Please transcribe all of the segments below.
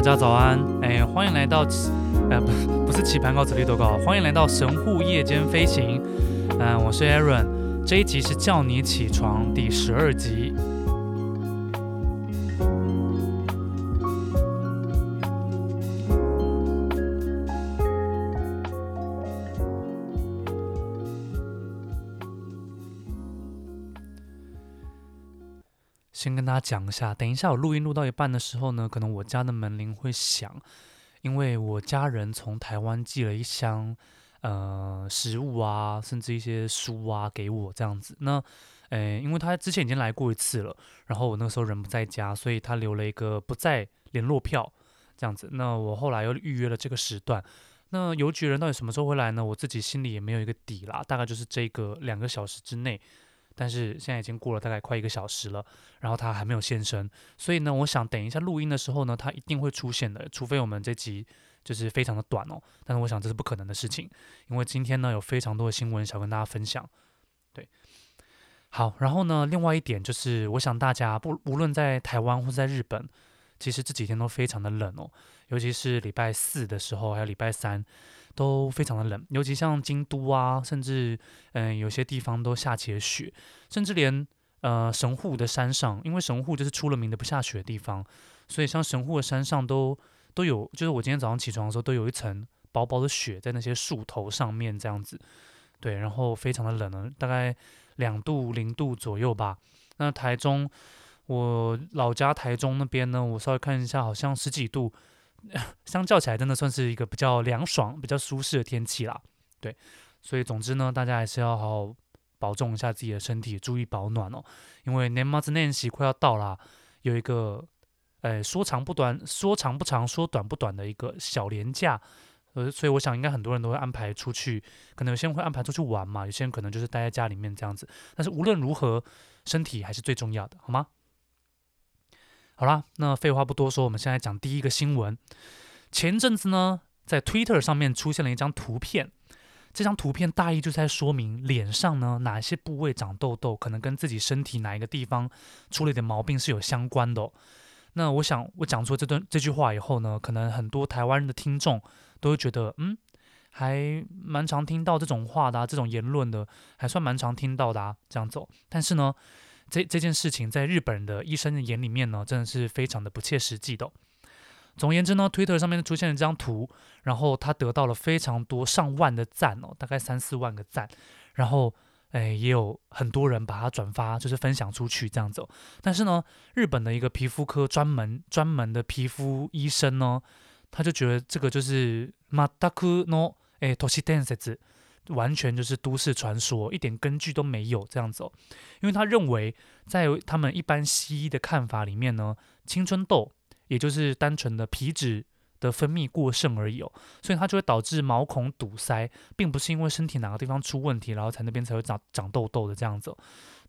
大家早安，哎，歡迎來到，呃，不，不是棋盤高，是綠豆糕。歡迎來到神戶夜間飛行，嗯、呃，我是 Aaron，這一集是叫你起床第十二集。大家講一下，等一下我錄音錄到一半的時候呢，可能我家的門鈴會響，因為我家人從台灣寄了一箱，呃，食物啊，甚至一些書啊給我這樣子。那，誒，因為他之前已經來過一次了，然後我那個時候人不在家，所以他留了一個不在聯絡票這樣子。那我後來又預約了這個時段，那郵局人到底什麼時候會來呢？我自己心裡也沒有一個底啦，大概就是這個兩個小時之內。但是現在已經過了大概快一個小時了，然後他還沒有現身，所以呢，我想等一下錄音的時候呢，他一定會出現的，除非我們這集就是非常的短哦。但是我想這是不可能的事情，因為今天呢有非常多的新聞想跟大家分享，對，好，然後呢，另外一點就是，我想大家不無論在台灣或是在日本，其實這幾天都非常的冷哦，尤其是禮拜四的時候，還有禮拜三。都非常的冷，尤其像京都啊，甚至嗯、呃、有些地方都下起了雪，甚至連呃神戶的山上，因為神戶就是出了名的不下雪的地方，所以像神戶的山上都都有，就是我今天早上起床的時候，都有一層薄薄的雪在那些樹頭上面這樣子，對，然後非常的冷了，大概兩度零度左右吧。那台中，我老家台中那邊呢，我稍微看一下，好像十幾度。 相較起來，真的算是一個比較涼爽、比較舒適的天氣啦。對，所以總之呢，大家還是要好好保重一下自己的身體，注意保暖哦。因為年末年始快要到了，有一個呃、欸、說長不短、說長不長、說短不短的一個小連假，呃，所以我想應該很多人都會安排出去，可能有些人會安排出去玩嘛，有些人可能就是待在家裡面這樣子。但是無論如何，身體還是最重要的，好嗎？好啦，那廢話不多說，我們現在講第一個新聞。前陣子呢，在 Twitter 上面出現了一張圖片，這張圖片大意就是在說明臉上呢哪些部位長痘痘，可能跟自己身體哪一個地方出了一點毛病是有相關的哦。那我想我講出這段這句話以後呢，可能很多台灣人的聽眾都會覺得，嗯，還蠻常聽到這種話的啊，這種言論的，還算蠻常聽到的啊，這樣子哦，但是呢。這這件事情在日本的醫生的眼裡面呢，真的是非常的不切實際的、哦。總而言之呢，Twitter 上面出現了這張圖，然後他得到了非常多上萬的讚哦，大概三四萬個讚，然後誒、呃、也有很多人把它轉發，就是分享出去這樣子、哦。但是呢，日本的一個皮膚科專門專門的皮膚醫生呢，他就覺得這個就是全くの哎，都市伝説。完全就是都市傳說，一點根據都沒有這樣子哦。因為他認為，在他們一般西醫的看法裡面呢，青春痘也就是單純的皮脂的分泌過剩而已哦，所以它就會導致毛孔堵塞，並不是因為身體哪個地方出問題，然後才那邊才會長長痘痘的這樣子喔。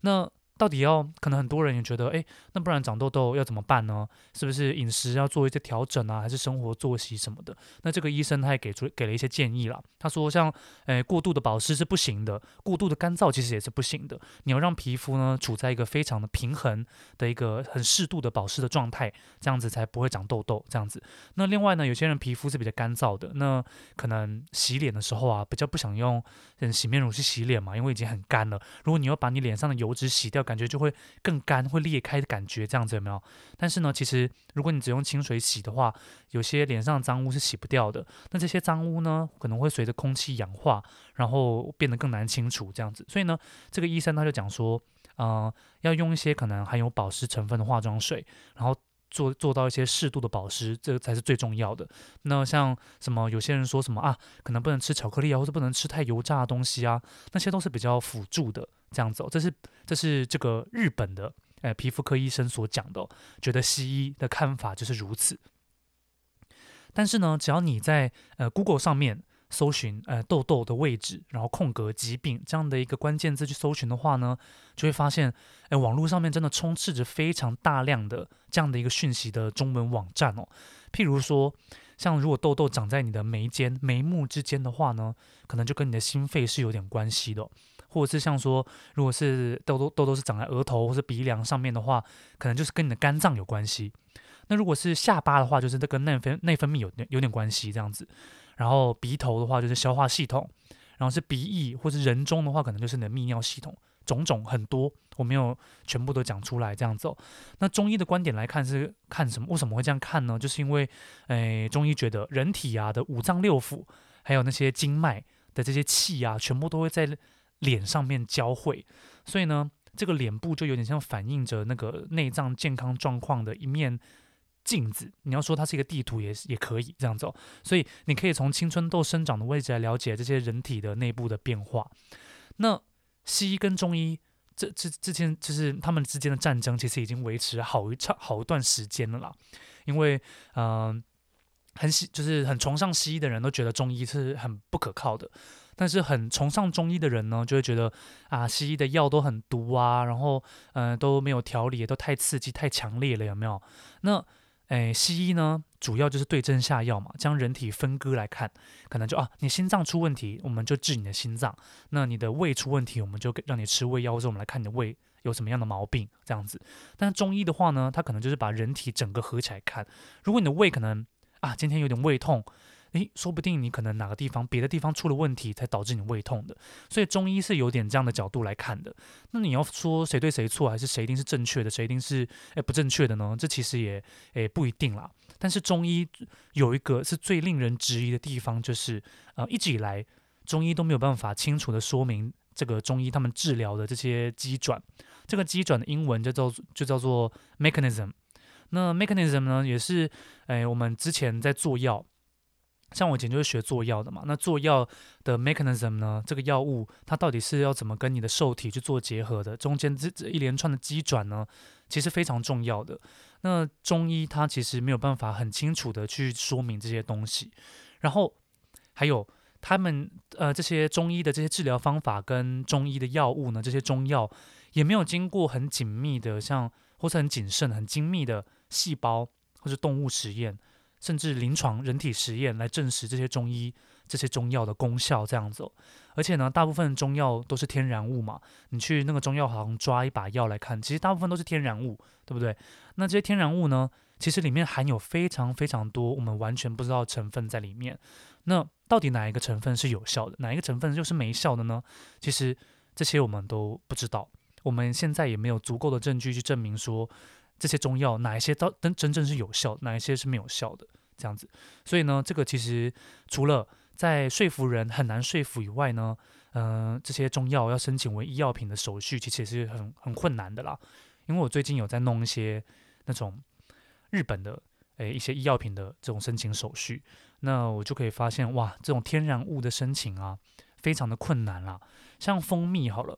那。到底要可能很多人也覺得，哎，那不然長痘痘要怎麼辦呢？是不是飲食要做一些調整啊，還是生活作息什麼的？那這個醫生他也給出給了一些建議了。他說，像，誒，過度的保濕是不行的，過度的乾燥其實也是不行的。你要讓皮膚呢處在一個非常的平衡的一個很適度的保濕的狀態，這樣子才不會長痘痘。這樣子。那另外呢，有些人皮膚是比較乾燥的，那可能洗臉的時候啊，比較不想用嗯洗面乳去洗臉嘛，因為已經很乾了。如果你要把你臉上的油脂洗掉。感覺就會更乾，會裂開的感覺，這樣子有沒有？但是呢，其實如果你只用清水洗的話，有些臉上的髒污是洗不掉的。那這些髒污呢，可能會隨着空氣氧化，然後變得更難清除。這樣子，所以呢，這個醫生他就講說，嗯、呃，要用一些可能含有保濕成分的化妝水，然後。做做到一些適度的保濕，這才是最重要的。那像什麼有些人說什麼啊，可能不能吃巧克力啊，或者不能吃太油炸的東西啊，那些都是比較輔助的。這樣子，哦，這是這是這個日本的誒、呃、皮膚科醫生所講的，哦，覺得西醫的看法就是如此。但是呢，只要你在呃 Google 上面。搜尋，呃，痘痘的位置，然後空格疾病這樣的一個關鍵字去搜尋的話呢，就會發現，誒、呃，網絡上面真的充斥着非常大量的這樣的一個訊息的中文網站哦。譬如說，像如果痘痘長在你的眉間、眉目之間的話呢，可能就跟你的心肺是有點關係的哦；或者是像說，如果是痘痘，痘痘是長在額頭或是鼻梁上面的話，可能就是跟你的肝臟有關係。那如果是下巴的話，就是跟內分內分泌有有點關係，這樣子。然後鼻頭的話就是消化系統，然後是鼻翼或是人中的話，可能就是你的泌尿系統，種種很多，我沒有全部都講出來。這樣子、哦，那中醫的觀點來看是看什麼？為什麼會這樣看呢？就是因為，誒、呃，中醫覺得人體啊的五臟六腑，還有那些經脈的這些氣啊，全部都會在臉上面交匯，所以呢，這個臉部就有點像反映着那個內臟健康狀況的一面。鏡子，你要說它是一個地圖也也可以這樣子、哦，所以你可以從青春痘生長的位置來了解這些人體的內部的變化。那西醫跟中醫這這之前就是他們之間的戰爭，其實已經維持好一差好一段時間了啦。因為嗯、呃，很喜就是很崇尚西醫的人都覺得中醫是很不可靠的，但是很崇尚中醫的人呢，就會覺得啊，西醫的藥都很毒啊，然後嗯、呃、都沒有調理，都太刺激太強烈了，有沒有？那哎，西醫呢，主要就是對症下藥嘛，將人體分割來看，可能就啊，你心臟出問題，我們就治你的心臟；那你的胃出問題，我們就讓你吃胃藥，或者我們來看你的胃有什麼樣的毛病這樣子。但是中醫的話呢，它可能就是把人體整個合起來看。如果你的胃可能啊，今天有點胃痛。誒，說不定你可能哪個地方別的地方出了問題，才導致你胃痛的。所以中醫是有點這樣的角度來看的。那你要說誰對誰錯，還是誰一定是正確的，誰一定是誒？不正確的呢？這其實也誒不一定啦。但是中醫有一個是最令人質疑的地方，就是啊、呃、一直以來中醫都沒有辦法清楚地說明這個中醫他們治療的這些機轉。這個機轉的英文就叫做就叫做 mechanism。那 mechanism 呢，也是誒，我們之前在做藥。像我以前就是學做藥的嘛，那做藥的 mechanism 呢？這個藥物它到底是要怎麼跟你的受體去做結合的？中間這這一連串的機轉呢，其實非常重要的。那中醫它其實沒有辦法很清楚的去說明這些東西。然後還有他們呃這些中醫的這些治療方法跟中醫的藥物呢，這些中藥也沒有經過很緊密的像，像或是很謹慎、很精密的細胞或是動物實驗。甚至臨床人體實驗來證實這些中醫、這些中藥的功效這樣子，哦，而且呢，大部分中藥都是天然物嘛。你去那個中藥行抓一把藥來看，其實大部分都是天然物，對不對？那這些天然物呢，其實裡面含有非常非常多我們完全不知道成分在裡面。那到底哪一個成分是有效的，哪一個成分又是沒效的呢？其實這些我們都不知道，我們現在也沒有足夠的證據去證明說。這些中藥哪一些到真正是有效，哪一些是沒有效的這樣子，所以呢，這個其實除了在說服人很難說服以外呢，嗯、呃，這些中藥要申請為醫藥品的手續，其實也是很很困難的啦。因為我最近有在弄一些那種日本的誒一些醫藥品的這種申請手續，那我就可以發現哇，這種天然物的申請啊，非常的困難啦。像蜂蜜好了，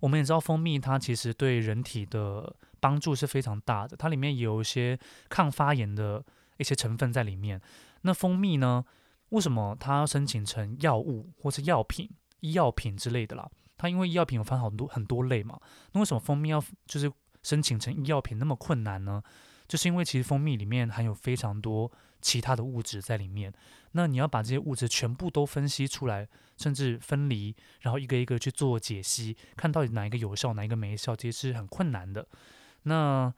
我們也知道蜂蜜它其實對人體的。幫助是非常大的，它裡面有一些抗發炎的一些成分在裡面。那蜂蜜呢？為什麼它要申請成藥物或者藥品、醫藥品之類的啦？它因為醫藥品有分很多很多類嘛。那為什麼蜂蜜要就是申請成醫藥品那麼困難呢？就是因為其實蜂蜜裡面含有非常多其他的物質在裡面。那你要把這些物質全部都分析出來，甚至分離，然後一個一個去做解析，看到底哪一個有效，哪一個沒效，其實是很困難的。那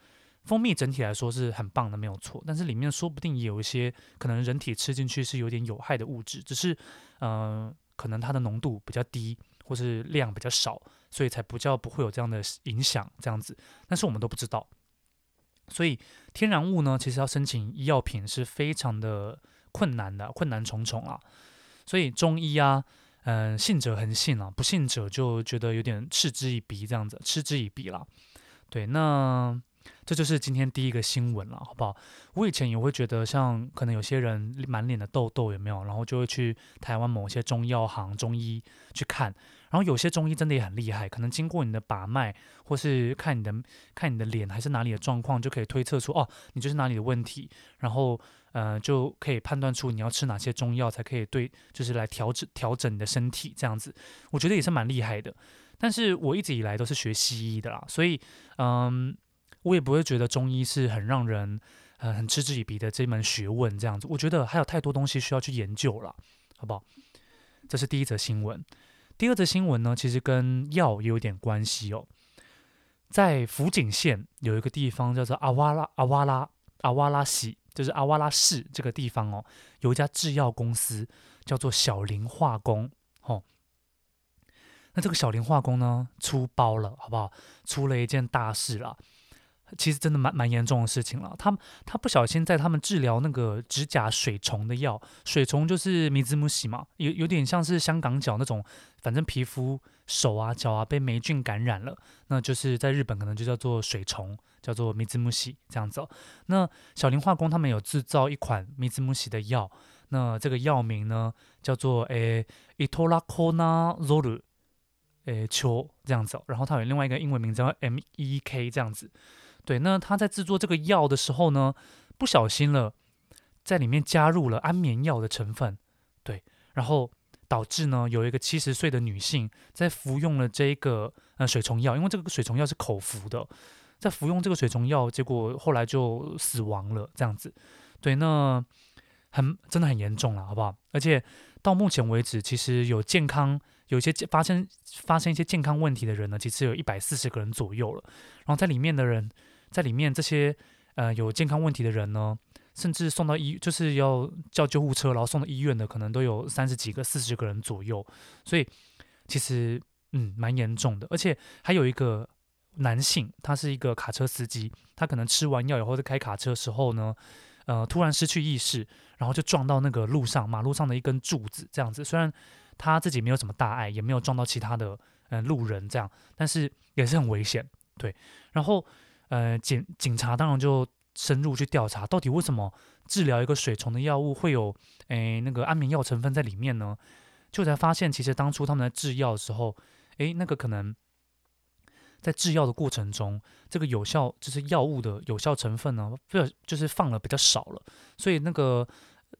蜂蜜整體來說是很棒的，沒有錯。但是裡面說不定有一些可能人體吃進去是有點有害的物質，只是嗯、呃，可能它的濃度比較低，或是量比較少，所以才不叫不會有這樣的影響這樣子。但是我們都不知道，所以天然物呢，其實要申請醫藥品是非常的困難的，困難重重啊。所以中醫啊，嗯、呃，信者恆信啊，不信者就覺得有點嗤之以鼻這樣子，嗤之以鼻了。對，那這就是今天第一個新聞了，好不好？我以前也會覺得像，像可能有些人滿臉的痘痘有沒有，然後就會去台灣某些中藥行、中醫去看，然後有些中醫真的也很厲害，可能經過你的把脈，或是看你的、看你的臉還是哪裡的狀況，就可以推測出哦，你就是哪裡的問題，然後嗯、呃，就可以判斷出你要吃哪些中藥才可以對，就是來調整調整你的身體這樣子，我覺得也是蠻厲害的。但是我一直以來都是學西醫的啦，所以嗯，我也不會覺得中醫是很讓人、呃、很嗤之以鼻的這門學問這樣子。我覺得還有太多東西需要去研究了，好不好？這是第一則新聞。第二則新聞呢，其實跟藥也有點關係哦。在福井縣有一個地方叫做阿瓦拉、阿瓦拉、阿瓦拉西，就是阿瓦拉市這個地方哦，有一家製藥公司叫做小林化工，吼、哦。那這個小林化工呢，出包了，好不好？出了一件大事了，其實真的蠻蠻嚴重的事情了。他們他不小心在他們治療那個指甲水蟲的藥，水蟲就是米字木洗嘛，有有點像是香港腳那種，反正皮膚手啊腳啊，被霉菌感染了，那就是在日本可能就叫做水蟲，叫做米字木洗這樣子喔。那小林化工他們有製造一款米字木洗的藥，那這個藥名呢，叫做誒伊托拉科納唑露。欸誒，秋這樣子。哦，然後它有另外一個英文名字叫 MEK 這樣子，對，那他在製作這個藥的時候呢，不小心了，在裡面加入了安眠藥的成分，對，然後導致呢有一個七十歲的女性在服用了這個呃水蟲藥，因為這個水蟲藥是口服的，在服用這個水蟲藥，結果後來就死亡了這樣子，對，那很真的很嚴重了，好不好？而且到目前為止，其實有健康。有些發生發生一些健康問題的人呢，其實有一百四十個人左右了。然後在裡面的人，在裡面這些呃有健康問題的人呢，甚至送到醫就是要叫救護車，然後送到醫院的，可能都有三十幾個、四十個人左右。所以其實嗯蠻嚴重的。而且還有一個男性，他是一個卡車司機，他可能吃完藥以後在開卡車的時候呢，呃突然失去意識，然後就撞到那個路上馬路上的一根柱子，這樣子雖然。他自己沒有什麼大礙，也沒有撞到其他的嗯、呃、路人這樣，但是也是很危險，對。然後呃，警警察當然就深入去調查，到底為什麼治療一個水蟲的藥物會有誒那個安眠藥成分在裡面呢？就才發現，其實當初他們在製藥的時候，誒那個可能在製藥的過程中，這個有效就是藥物的有效成分呢，就是放了比較少了，所以那個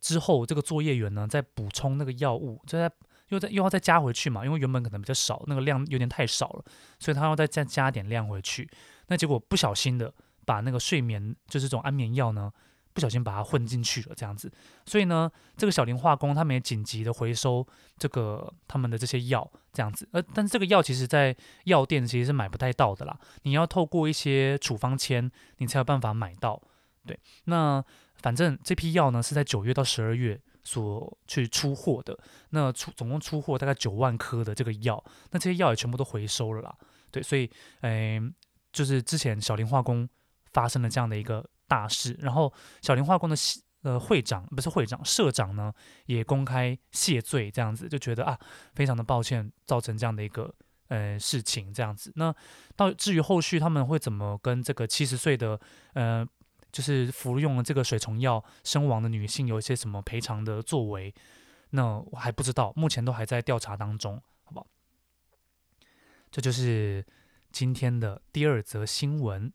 之後這個作業員呢，在補充那個藥物就在。又再又要再加回去嘛？因為原本可能比較少，那個量有點太少了，所以他要再再加點量回去。那結果不小心的把那個睡眠就是這種安眠藥呢，不小心把它混進去了這樣子。所以呢，這個小林化工他們也緊急的回收這個他們的這些藥這樣子。呃，但是這個藥其實，在藥店其實是買不太到的啦。你要透過一些處方签，你才有辦法買到。對，那反正這批藥呢，是在九月到十二月。所去出貨的那出總共出貨大概九萬顆的這個藥，那這些藥也全部都回收了啦。對，所以嗯、呃，就是之前小林化工發生了這樣的一個大事，然後小林化工的、呃、會長不是會長社長呢，也公開謝罪這樣子，就覺得啊，非常的抱歉，造成這樣的一個呃事情這樣子。那到至於後續他們會怎麼跟這個七十歲的呃。就是服用了這個水蟲藥身亡的女性有一些什麼賠償的作為，那我還不知道，目前都還在調查當中，好吧。這就是今天的第二則新聞。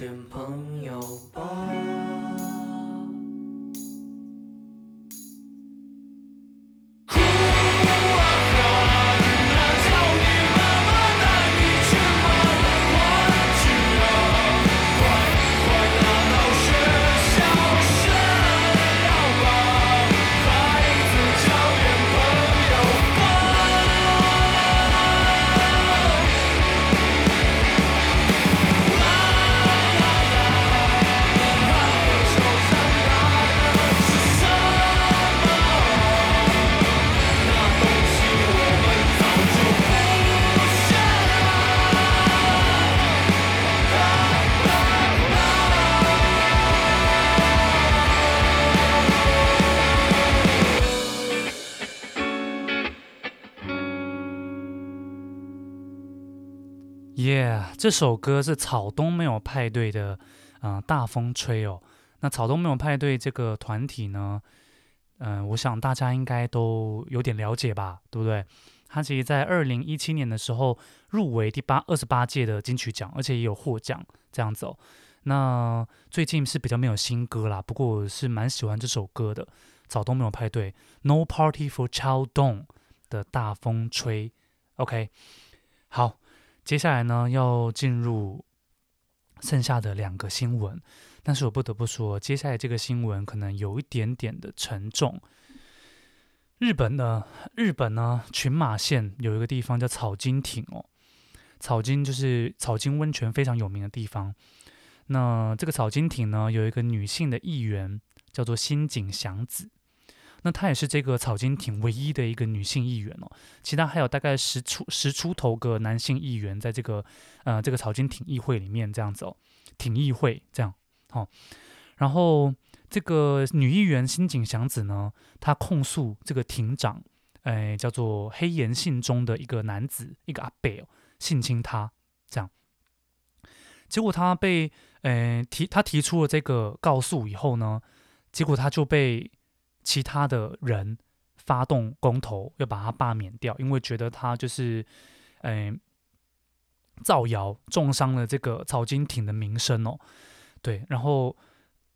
臉龐。這首歌是草東沒有派對的，嗯、呃，大風吹哦。那草東沒有派對這個團體呢，嗯、呃，我想大家應該都有點了解吧，對不對？他其實，在二零一七年的時候入圍第八、二十八屆的金曲獎，而且也有獲獎這樣子哦。那最近是比較沒有新歌啦，不過我是蠻喜歡這首歌的。草東沒有派對，No Party for Cao Dong 的大風吹，OK，好。接下來呢，要進入剩下的兩個新聞，但是我不得不說，接下來這個新聞可能有一點點的沉重。日本呢，日本呢，群馬縣有一個地方叫草津町哦，草津就是草津溫泉非常有名的地方。那這個草津町呢，有一個女性的議員，叫做新井祥子。那她也是這個草津町唯一的一個女性議員哦，其他還有大概十出十出頭個男性議員在這個呃這個草津町議會裡面這樣子哦，町議會這樣好、哦，然後這個女議員新井祥子呢，她控訴這個町長，哎、呃、叫做黑岩信中的一個男子一個阿北、哦、性侵她這樣，結果她被呃提她提出了這個告訴以後呢，結果她就被。其他的人發動公投，要把他罷免掉，因為覺得他就是，嗯、欸，造謠，中傷了這個草津町的名聲哦、喔。對，然後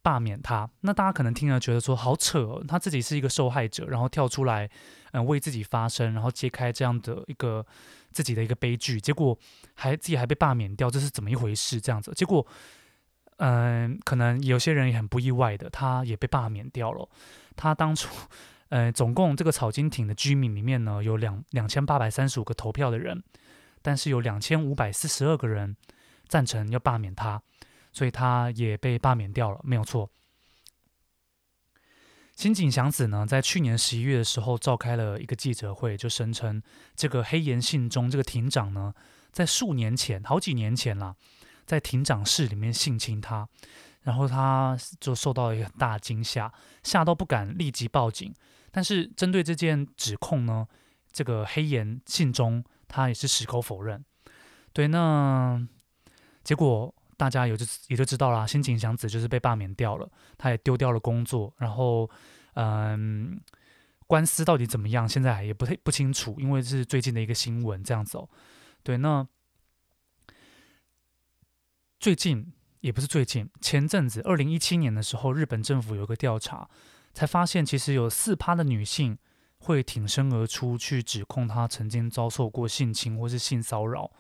罷免他。那大家可能聽了覺得說好扯、哦，他自己是一個受害者，然後跳出來，嗯、呃，為自己發聲，然後揭開這樣的一個自己的一個悲劇，結果還自己還被罷免掉，這是怎麼一回事？這樣子，結果。嗯、呃，可能有些人也很不意外的，他也被罷免掉了。他當初，嗯、呃，總共這個草津町的居民裡面呢，有兩兩千八百三十五個投票的人，但是有兩千五百四十二個人贊成要罷免他，所以他也被罷免掉了，沒有錯。新井祥子呢，在去年十一月的時候，召開了一個記者會，就聲稱這個黑岩信忠這個町長呢，在數年前，好幾年前啦。在庭長室裡面性侵他，然後他就受到了一個很大驚嚇，嚇到不敢立即報警。但是針對這件指控呢，這個黑岩信忠他也是矢口否認。對，那結果大家有就也就知道了，新井祥子就是被罷免掉了，他也丟掉了工作。然後，嗯，官司到底怎麼樣，現在還也不太不清楚，因為是最近的一個新聞這樣子哦。對，那。最近也不是最近，前陣子二零一七年的時候，日本政府有個調查，才發現其實有四趴的女性會挺身而出去指控她曾經遭受過性侵或是性騷擾。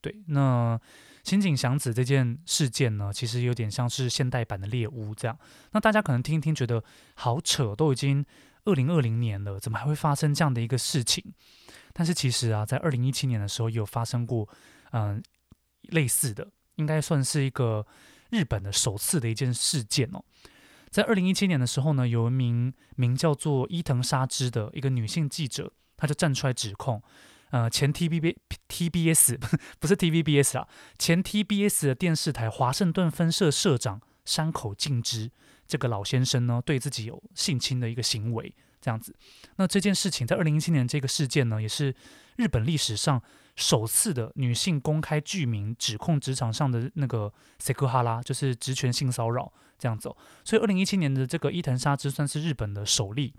對，那新井祥子這件事件呢，其實有點像是現代版的獵巫這樣。那大家可能聽一聽覺得好扯，都已經二零二零年了，怎麼還會發生這樣的一個事情？但是其實啊，在二零一七年的時候也有發生過，嗯、呃，類似的。應該算是一個日本的首次的一件事件哦，在二零一七年的時候呢，有一名名叫做伊藤沙織的一個女性記者，她就站出來指控，呃，前 T B B T B S 不是 T V B S 啊，前 T B S 的電視台華盛頓分社社長山口敬之這個老先生呢，對自己有性侵的一個行為這樣子。那這件事情在二零一七年這個事件呢，也是日本歷史上。首次的女性公開具名指控職場上的那個“塞科哈拉”，就是職權性騷擾這樣子哦。所以，二零一七年的這個伊藤沙織算是日本的首例，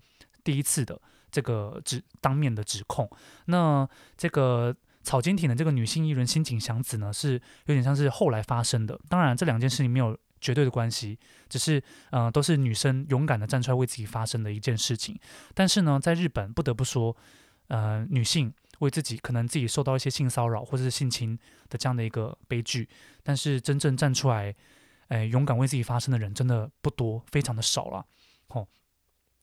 第一次的這個指當面的指控。那這個草津町的這個女性議員新井祥子呢，是有點像是後來發生的。當然，這兩件事情沒有絕對的關係，只是呃，都是女生勇敢的站出來為自己發生的一件事情。但是呢，在日本不得不說，呃，女性。為自己可能自己受到一些性騷擾或者是性侵的這樣的一個悲劇，但是真正站出來，呃，勇敢為自己發聲的人真的不多，非常的少了。好、哦，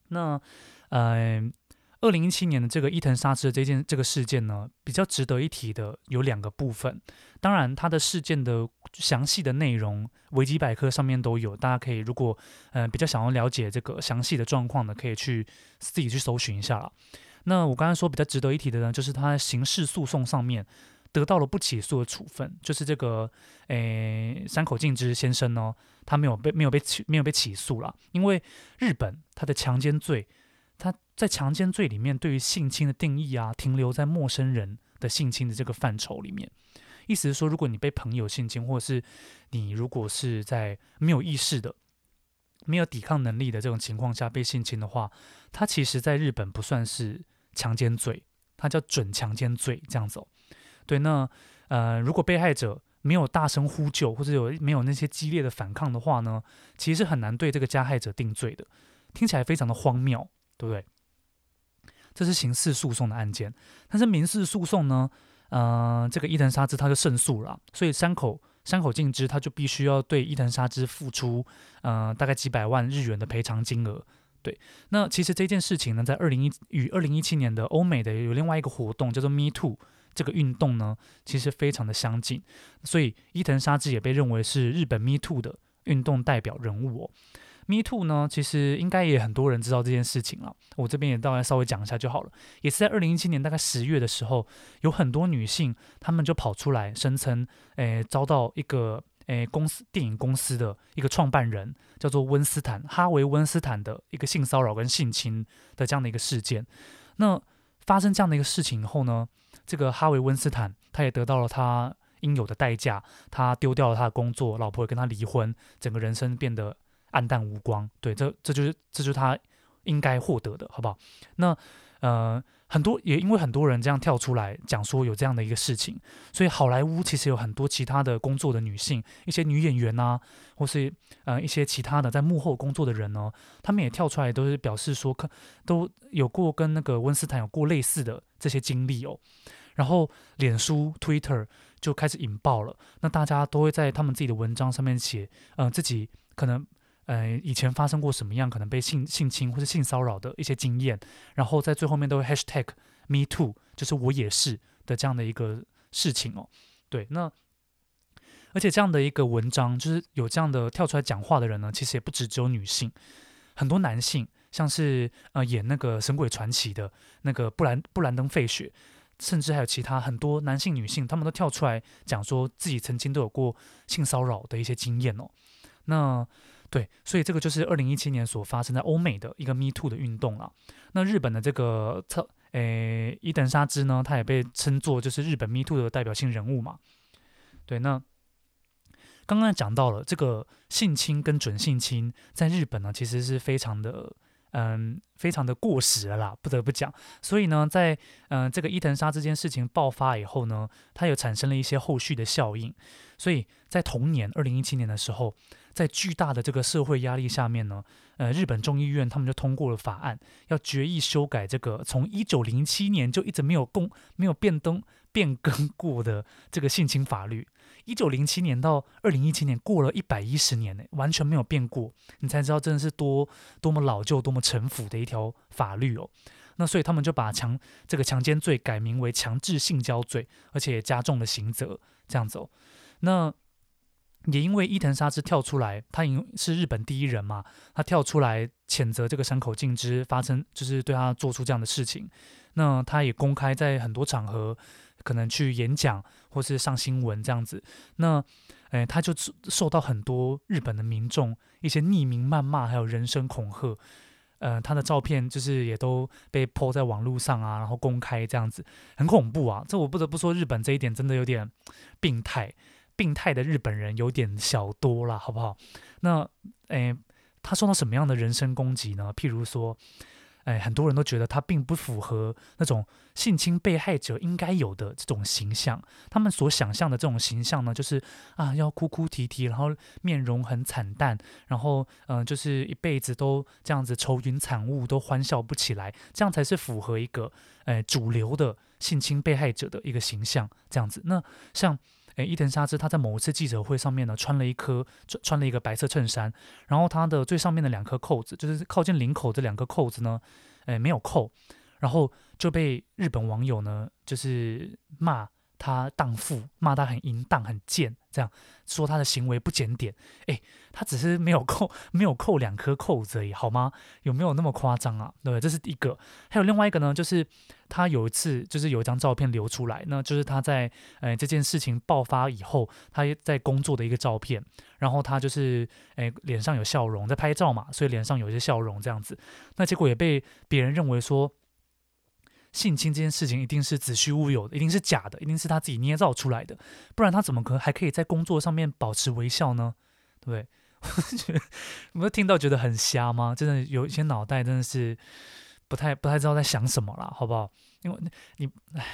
那，嗯、呃，二零一七年的這個伊藤沙織的這件這個事件呢，比較值得一提的有兩個部分。當然，他的事件的詳細的內容，維基百科上面都有，大家可以如果嗯、呃、比較想要了解這個詳細的狀況呢，可以去自己去搜尋一下啦。那我剛才說比較值得一提的呢，就是他在刑事訴訟上面得到了不起訴的處分，就是這個誒、欸、山口敬之先生呢，他沒有被沒有被起沒有被起訴了，因為日本他的強姦罪，他在強姦罪裡面對於性侵的定義啊，停留在陌生人的性侵的這個範疇裡面，意思是說，如果你被朋友性侵，或者是你如果是在沒有意識的、沒有抵抗能力的這種情況下被性侵的話，他其實在日本不算是。強姦罪，它叫準強姦罪，這樣子、哦。對，那呃，如果被害者沒有大聲呼救或者有沒有那些激烈的反抗的話呢，其實是很難對這個加害者定罪的。聽起來非常的荒謬，對不對？這是刑事訴訟的案件，但是民事訴訟呢，嗯、呃，這個伊藤沙織他就勝訴了，所以山口山口敬之他就必須要對伊藤沙織付出，嗯、呃，大概幾百萬日元的賠償金額。對，那其實這件事情呢，在二零一與二零一七年的歐美的有另外一個活動叫做 Me Too，這個運動呢，其實非常的相近，所以伊藤沙織也被認為是日本 Me Too 的運動代表人物哦。Me Too 呢，其實應該也很多人知道這件事情了，我這邊也大概稍微講一下就好了。也是在二零一七年大概十月的時候，有很多女性她們就跑出來聲稱，誒，遭到一個。誒、欸，公司電影公司的一個創辦人叫做溫斯坦，哈維·溫斯坦的一個性騷擾跟性侵的這樣的一個事件。那發生這樣的一個事情以後呢，這個哈維·溫斯坦他也得到了他應有的代價，他丟掉了他的工作，老婆也跟他離婚，整個人生變得暗淡無光。對，這這就是這就是他應該獲得的，好不好？那呃。很多也因為很多人這樣跳出來講說有這樣的一個事情，所以好萊塢其實有很多其他的工作的女性，一些女演員吶、啊，或是嗯、呃、一些其他的在幕後工作的人哦，他們也跳出來都是表示說，可都有過跟那個溫斯坦有過類似的這些經歷哦，然後臉書、Twitter 就開始引爆了，那大家都會在他們自己的文章上面寫，嗯、呃，自己可能。嗯、呃，以前發生過什麼樣可能被性性侵、或者性騷擾的一些經驗，然後在最後面都會 #Hashtag Me Too，就是我也是的這樣的一個事情哦。對，那而且這樣的一個文章，就是有這樣的跳出來講話的人呢，其實也不止只有女性，很多男性，像是呃演那個《神鬼傳奇》的那個布蘭布蘭登·費雪，甚至還有其他很多男性女性，他們都跳出來講說自己曾經都有過性騷擾的一些經驗哦。那對，所以這個就是二零一七年所發生在歐美的一個 Me Too 的運動了。那日本的這個特誒伊藤沙織呢，它也被稱作就是日本 Me Too 的代表性人物嘛。對，那剛剛講到了這個性侵跟準性侵，在日本呢其實是非常的，嗯、呃，非常的過時了啦，不得不講。所以呢，在嗯、呃、這個伊藤沙織這件事情爆發以後呢，它又產生了一些後續的效應。所以在同年二零一七年的時候。在巨大的這個社會壓力下面呢，呃，日本眾議院他們就通過了法案，要決議修改這個從一九零七年就一直沒有公、沒有變更變更過的這個性侵法律。一九零七年到二零一七年過了一百一十年呢，完全沒有變過。你才知道真的是多多麼老舊、多麼陳腐的一條法律哦。那所以他們就把強這個強姦罪改名為強制性交罪，而且加重了刑責，這樣子哦。那。也因為伊藤沙織跳出來，他已經是日本第一人嘛，他跳出來譴責這個山口敬之發生，就是對他做出這樣的事情，那他也公開在很多場合可能去演講或是上新聞這樣子，那，誒，他就受到很多日本的民眾一些匿名謾罵，還有人身恐嚇，呃，他的照片就是也都被潑在網絡上啊，然後公開這樣子，很恐怖啊。這我不得不說，日本這一點真的有點病態。病態的日本人有點小多了，好不好？那，誒，他受到什麼樣的人身攻擊呢？譬如說，誒，很多人都覺得他並不符合那種性侵被害者應該有的這種形象。他們所想象的這種形象呢，就是啊，要哭哭啼啼，然後面容很慘淡，然後嗯、呃，就是一輩子都這樣子愁雲慘霧，都歡笑不起來，這樣才是符合一個誒主流的性侵被害者的一個形象。這樣子，那像。誒，伊藤沙織他在某一次記者會上面呢，穿了一顆穿穿了一個白色襯衫，然後他的最上面的兩顆扣子，就是靠近領口的兩顆扣子呢，誒，沒有扣，然後就被日本網友呢，就是罵。他蕩婦，罵他很淫蕩、當很賤，這樣說他的行為不檢點。誒、欸，他只是沒有扣，沒有扣兩顆扣子，而已，好嗎？有沒有那麼誇張啊？對，這是一個。還有另外一個呢，就是他有一次，就是有一張照片流出來，那就是他在誒、欸、這件事情爆發以後，他在工作的一個照片。然後他就是誒臉、欸、上有笑容，在拍照嘛，所以臉上有一些笑容這樣子。那結果也被別人認為說。性侵這件事情一定是子虛烏有的，一定是假的，一定是他自己捏造出來的，不然他怎麼可能還可以在工作上面保持微笑呢？對不對？你不是聽到覺得很瞎嗎？真的有一些腦袋真的是不太不太知道在想什麼啦，好不好？因為你，哎，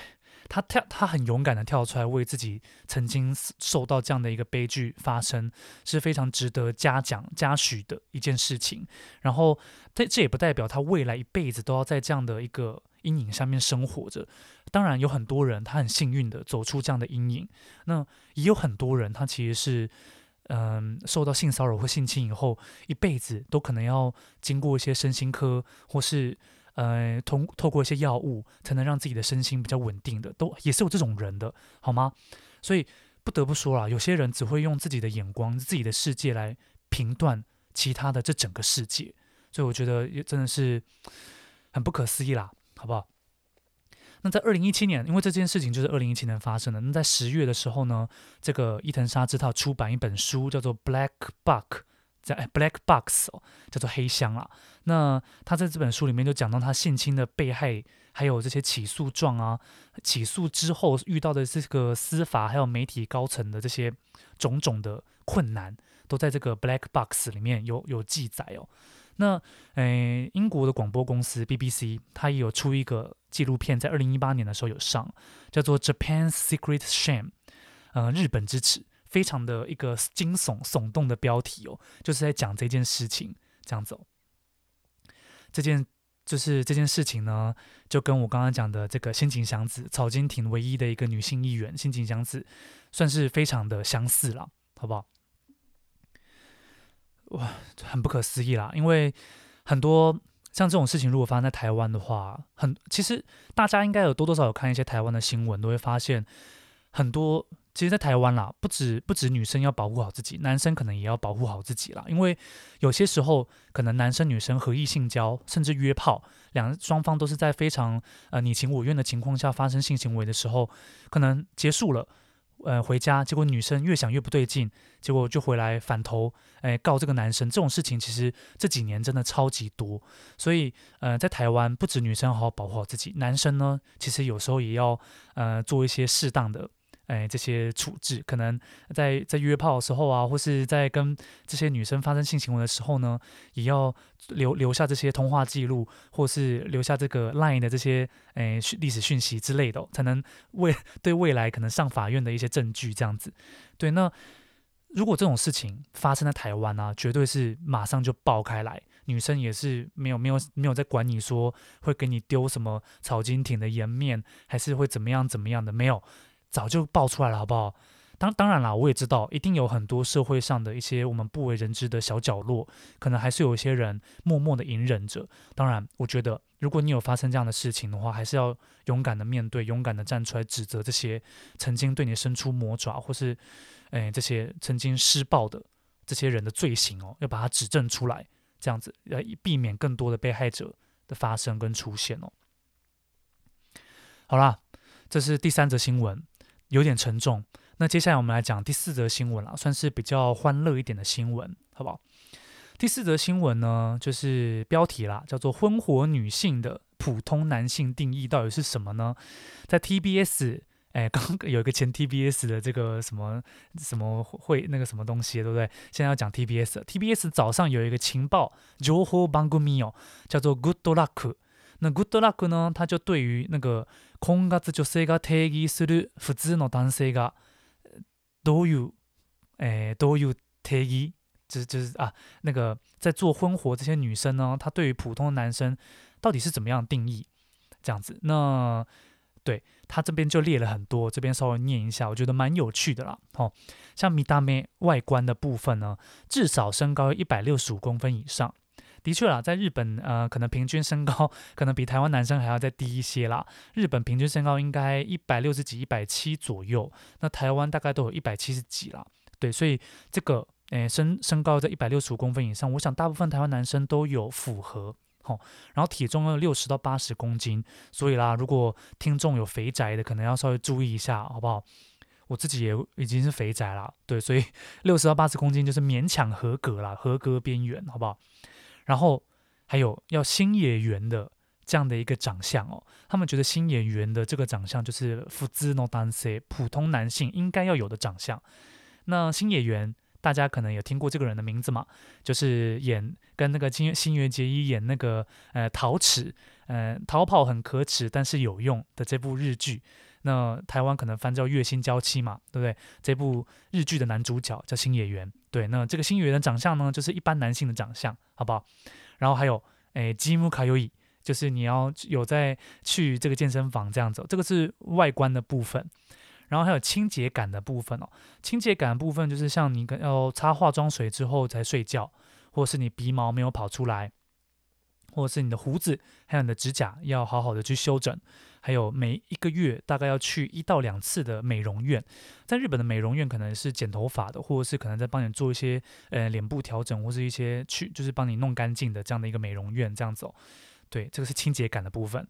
他跳，他很勇敢的跳出來為自己曾經受到這樣的一個悲劇發聲，是非常值得嘉獎嘉許的一件事情。然後，這這也不代表他未來一輩子都要在這樣的一個。陰影下面生活着，當然有很多人他很幸運的走出這樣的陰影，那也有很多人他其實是，嗯、呃，受到性騷擾或性侵以後，一輩子都可能要經過一些身心科，或是呃，通透過一些藥物，才能讓自己的身心比較穩定的，都也是有這種人的，好嗎？所以不得不說啦，有些人只會用自己的眼光、自己的世界來評斷其他的這整個世界，所以我覺得也真的是很不可思議啦。好不好？那在二零一七年，因為這件事情就是二零一七年發生的。那在十月的時候呢，這個伊藤沙織他出版一本書，叫做《Black Box》，在《Black Box》哦，叫做《黑箱》啊。那他在這本書裡面就講到他性侵的被害，還有這些起訴狀啊，起訴之後遇到的這個司法，還有媒體高層的這些種種的困難，都在這個《Black Box》裡面有有記載哦。那，誒，英國的廣播公司 BBC，它也有出一個紀錄片，在二零一八年的時候有上，叫做《Japan's Secret Shame》，呃，日本之恥，非常的一個驚悚聳動的標題哦，就是在講這件事情，這樣子哦。這件就是這件事情呢，就跟我剛剛講的這個新井祥子、草津町唯一的一個女性議員新井祥子，算是非常的相似了，好不好？哇，很不可思議啦！因為很多像這種事情，如果發生在台灣的話，很其實大家應該有多多少少看一些台灣的新聞，都會發現很多。其實，在台灣啦，不止不止女生要保護好自己，男生可能也要保護好自己啦。因為有些時候，可能男生女生合意性交，甚至約炮，兩雙方都是在非常呃你情我願的情況下發生性行為的時候，可能結束了，呃回家，結果女生越想越不對勁。結果就回來反頭，哎，告這個男生。這種事情其實這幾年真的超級多，所以呃，在台灣不止女生要好好保護好自己，男生呢，其實有時候也要呃做一些適當的哎這些處置。可能在在約炮的時候啊，或是在跟這些女生發生性行為的時候呢，也要留留下這些通話記錄，或是留下這個 Line 的這些哎訊歷史訊息之類的、哦，才能為對未來可能上法院的一些證據這樣子。對，那。如果這種事情發生在台灣呢，啊，絕對是馬上就爆開來。女生也是沒有沒有沒有在管你說，會給你丟什麼草津町的顏面，還是會怎麼樣怎麼樣的，沒有，早就爆出來了，好不好？當當然啦，我也知道，一定有很多社會上的一些我們不為人知的小角落，可能還是有一些人默默的隱忍着。當然，我覺得如果你有發生這樣的事情的話，還是要勇敢的面對，勇敢的站出來指責這些曾經對你伸出魔爪或是。誒，這些曾經施暴的這些人的罪行哦，要把它指證出來，這樣子，要避免更多的被害者的發生跟出現哦。好啦，這是第三則新聞，有點沉重。那接下來我們來講第四則新聞啦，算是比較歡樂一點的新聞，好不好？第四則新聞呢，就是標題啦，叫做《婚活女性的普通男性定義到底是什麼呢？》在 TBS。誒、哎，剛有一個前 TBS 的這個什麼什麼會那個什麼東西，對不對？現在要講 TBS 了。TBS 早上有一個情報、情報番組哦，叫做 Good Luck。那 Good Luck 呢，它就對於那個婚活女性が定義する普通的男生が都有哎都有定義，就是、就是啊，那個在做婚活這些女生呢，她對於普通的男生到底是怎麼樣定義？這樣子，那。對他這邊就列了很多，這邊稍微念一下，我覺得蠻有趣的啦。吼、哦，像米大妹外觀的部分呢，至少身高一百六十五公分以上。的確啦，在日本，呃，可能平均身高可能比台灣男生還要再低一些啦。日本平均身高應該一百六十幾、一百七左右，那台灣大概都有一百七十幾啦。對，所以這個，誒、呃，身身高在一百六十五公分以上，我想大部分台灣男生都有符合。然後體重呢，六十到八十公斤，所以啦，如果聽眾有肥宅的，可能要稍微注意一下，好不好？我自己也已經是肥宅啦。對，所以六十到八十公斤就是勉強合格啦，合格邊緣，好不好？然後還有要星野源的這樣的一個長相哦，他們覺得星野源的這個長相就是普通の男性，但是普通男性應該要有的長相，那星野源。大家可能有聽過這個人的名字嘛，就是演跟那個新垣結衣演那個呃逃恥，呃，陶呃逃跑很可恥，但是有用的這部日劇，那台灣可能翻叫月薪嬌妻嘛，對不對？這部日劇的男主角叫星野源，對，那這個星野源的長相呢，就是一般男性的長相，好不好？然後還有誒吉姆卡尤伊，就是你要有在去這個健身房這樣子，哦，這個是外觀的部分。然後還有清潔感的部分哦，清潔感的部分就是像你跟要擦化妝水之後才睡覺，或者是你鼻毛沒有跑出來，或者是你的鬍子還有你的指甲要好好的去修整，還有每一個月大概要去一到兩次的美容院，在日本的美容院可能是剪頭髮的，或者是可能在幫你做一些呃臉部調整或者是一些去就是幫你弄乾淨的這樣的一個美容院這樣子哦，對，這個是清潔感的部分。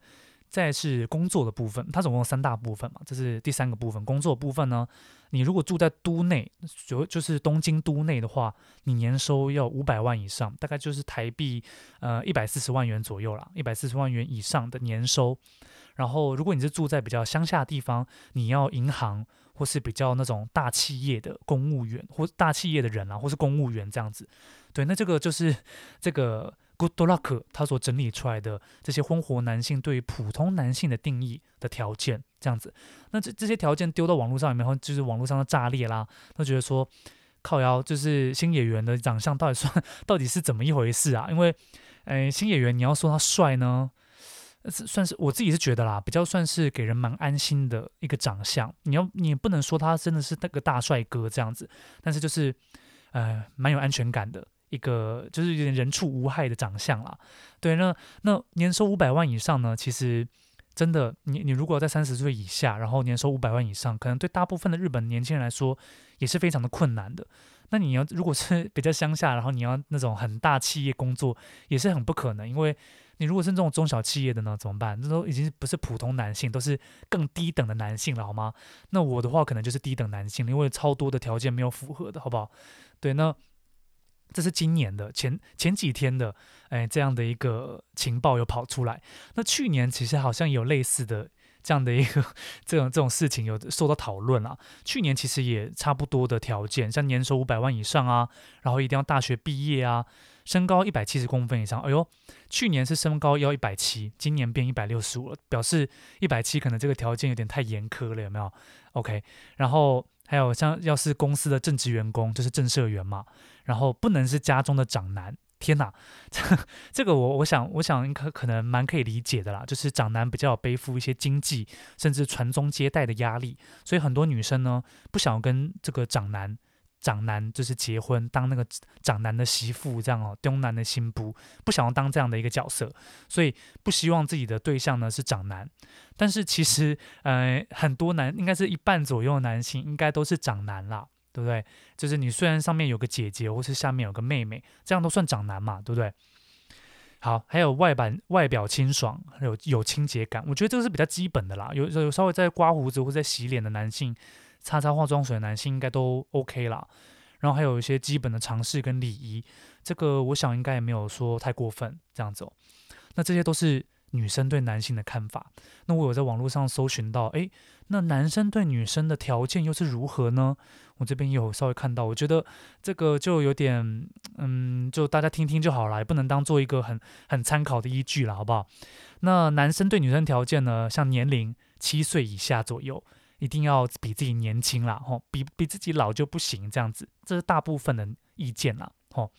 再是工作的部分，它總共有三大部分嘛，這是第三個部分，工作部分呢，你如果住在都內，就就是東京都內的話，你年收要五百萬以上，大概就是台幣呃一百四十萬元左右啦，一百四十萬元以上的年收。然後如果你是住在比較鄉下地方，你要銀行或是比較那種大企業的公務員或大企業的人啦，或是公務員這樣子，對，那這個就是這個。Good luck，他所整理出來的這些婚活男性對於普通男性的定義的條件，這樣子，那這這些條件丟到網絡上，有沒就是網絡上的炸裂啦？他覺得說靠腰，就是星野源的長相到底算到底是怎麼一回事啊？因為，呃，星野源你要說他帥呢，算是我自己是覺得啦，比較算是給人蠻安心的一個長相。你要你不能說他真的是那個大帥哥這樣子，但是就是呃，蠻有安全感的。一個就是有點人畜無害的長相啦，對，那那年收五百萬以上呢，其實真的，你你如果在三十歲以下，然後年收五百萬以上，可能對大部分的日本年輕人來說也是非常的困難的。那你要如果是比較鄉下，然後你要那種很大企業工作，也是很不可能，因為你如果是這種中小企業的呢，怎麼辦？那都已經不是普通男性，都是更低等的男性了，好嗎？那我的話可能就是低等男性，因為超多的條件沒有符合的，好不好？對，那。這是今年的前前幾天的。誒，這樣的一個情報又跑出來。那去年其實好像也有類似的這樣的一個這種這種事情有受到討論啊。去年其實也差不多的條件，像年收五百萬以上啊，然後一定要大學畢業啊，身高一百七十公分以上。哎呦，去年是身高要一百七，今年變一百六十五了，表示一百七可能這個條件有點太嚴苛了，有沒有？OK，然後。還有像要是公司的正職員工，就是正社員嘛，然後不能是家中的長男。天哪，這這個我我想我想可可能蠻可以理解的啦，就是長男比較背負一些經濟甚至傳宗接代的壓力，所以很多女生呢不想跟這個長男，長男就是結婚當那個長男的媳婦這樣哦，中男的心不不想要當這樣的一個角色，所以不希望自己的對象呢是長男。但是其實，嗯、呃，很多男應該是一半左右的男性應該都是長男啦，對不對？就是你雖然上面有個姐姐，或是下面有個妹妹，這樣都算長男嘛，對不對？好，還有外板外表清爽，還有有清潔感，我覺得這個是比較基本的啦。有有稍微在刮鬍子或在洗臉的男性。擦擦化妝水的男性應該都 OK 啦，然後還有一些基本的常識跟禮儀，這個我想應該也沒有說太過分這樣子、哦。那這些都是女生對男性的看法。那我有在網絡上搜尋到，哎，那男生對女生的條件又是如何呢？我這邊也有稍微看到，我覺得這個就有點，嗯，就大家聽聽就好了，也不能當做一個很很參考的依據了，好不好？那男生對女生條件呢，像年齡七歲以下左右。一定要比自己年輕啦，吼、哦，比比自己老就不行，這樣子，這是大部分人的意見啦，吼、哦。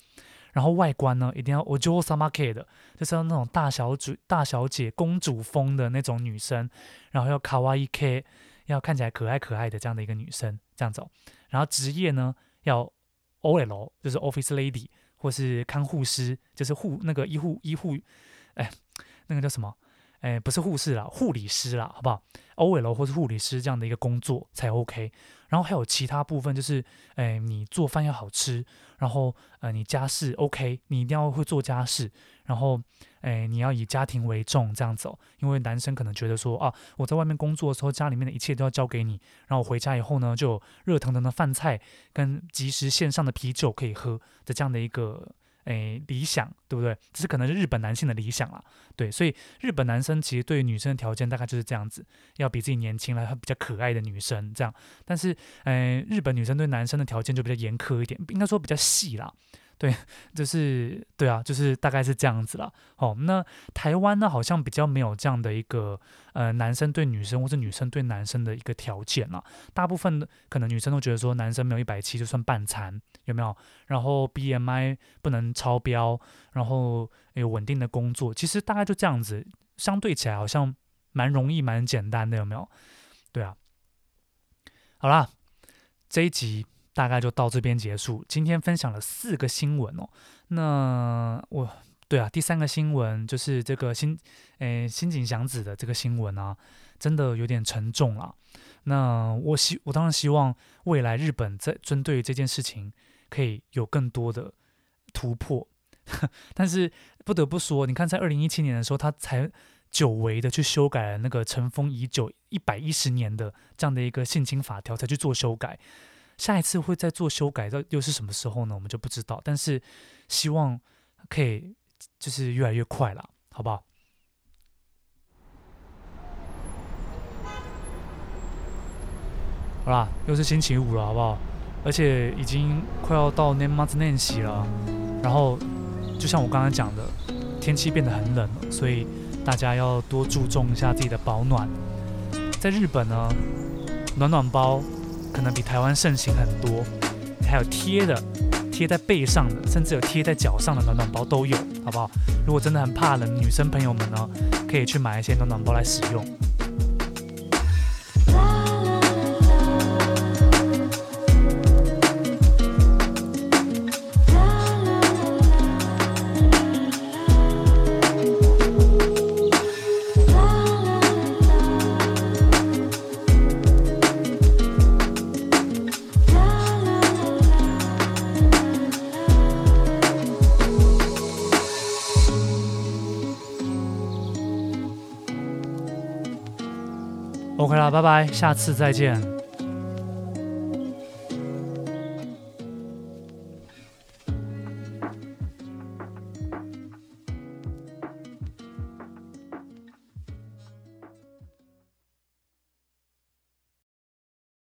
然後外觀呢，一定要的，我就說お嬢様系就是那種大小姐、大小姐、公主風的那種女生，然後要卡哇伊 K 要看起來可愛可愛的這樣的一個女生，這樣子、哦。然後職業呢，要 OL，就是 office lady，或是看護師，就是護那個醫護醫護，哎、欸，那個叫什麼？哎，不是護士啦，護理師啦，好不好？OL 或是護理師這樣的一個工作才 OK。然後還有其他部分，就是哎，你做飯要好吃，然後呃，你家事 OK，你一定要會做家事。然後哎，你要以家庭為重，這樣子哦，因為男生可能覺得說啊，我在外面工作的時候，家裡面的一切都要交給你。然後我回家以後呢，就有熱騰騰的飯菜跟即時獻上的啤酒可以喝的這樣的一個。誒，理想對不對？只是可能是日本男性的理想啦。對，所以日本男生其實對於女生的條件大概就是這樣子，要比自己年輕啦，比較可愛的女生這樣。但是，誒，日本女生對男生的條件就比較嚴苛一點，應該說比較細啦。對，就是對啊，就是大概是這樣子啦。哦，那台灣呢，好像比較沒有這樣的一個呃，男生對女生或者女生對男生的一個條件啦。大部分可能女生都覺得說，男生沒有一百七就算半殘，有沒有？然後 BMI 不能超標，然後有、呃、穩定的工作，其實大概就這樣子。相對起來好像蠻容易、蠻簡單的，有沒有？對啊，好啦，這一集，大概就到這邊結束。今天分享了四個新聞哦。那我對啊，第三個新聞就是這個新誒，新井祥子的這個新聞啊，真的有點沉重啊。那我希我當然希望未來日本在針對這件事情可以有更多的突破，呵，但是不得不說，你看在二零一七年的時候，他才久違的去修改了那個塵封已久一百一十年的這樣的一個性侵法條，才去做修改。下一次會再做修改，到又是什麼時候呢？我們就不知道。但是希望可以就是越來越快了，好不好？好啦，又是星期五了，好不好？而且已經快要到年末年始了。然後，就像我剛才講的，天氣變得很冷，所以大家要多注重一下自己的保暖。在日本呢，暖暖包，可能比台灣盛行很多，還有貼的，貼在背上的，甚至有貼在腳上的暖暖包都有，好不好？如果真的很怕冷，女生朋友們呢，可以去買一些暖暖包來使用。拜拜，下次再見。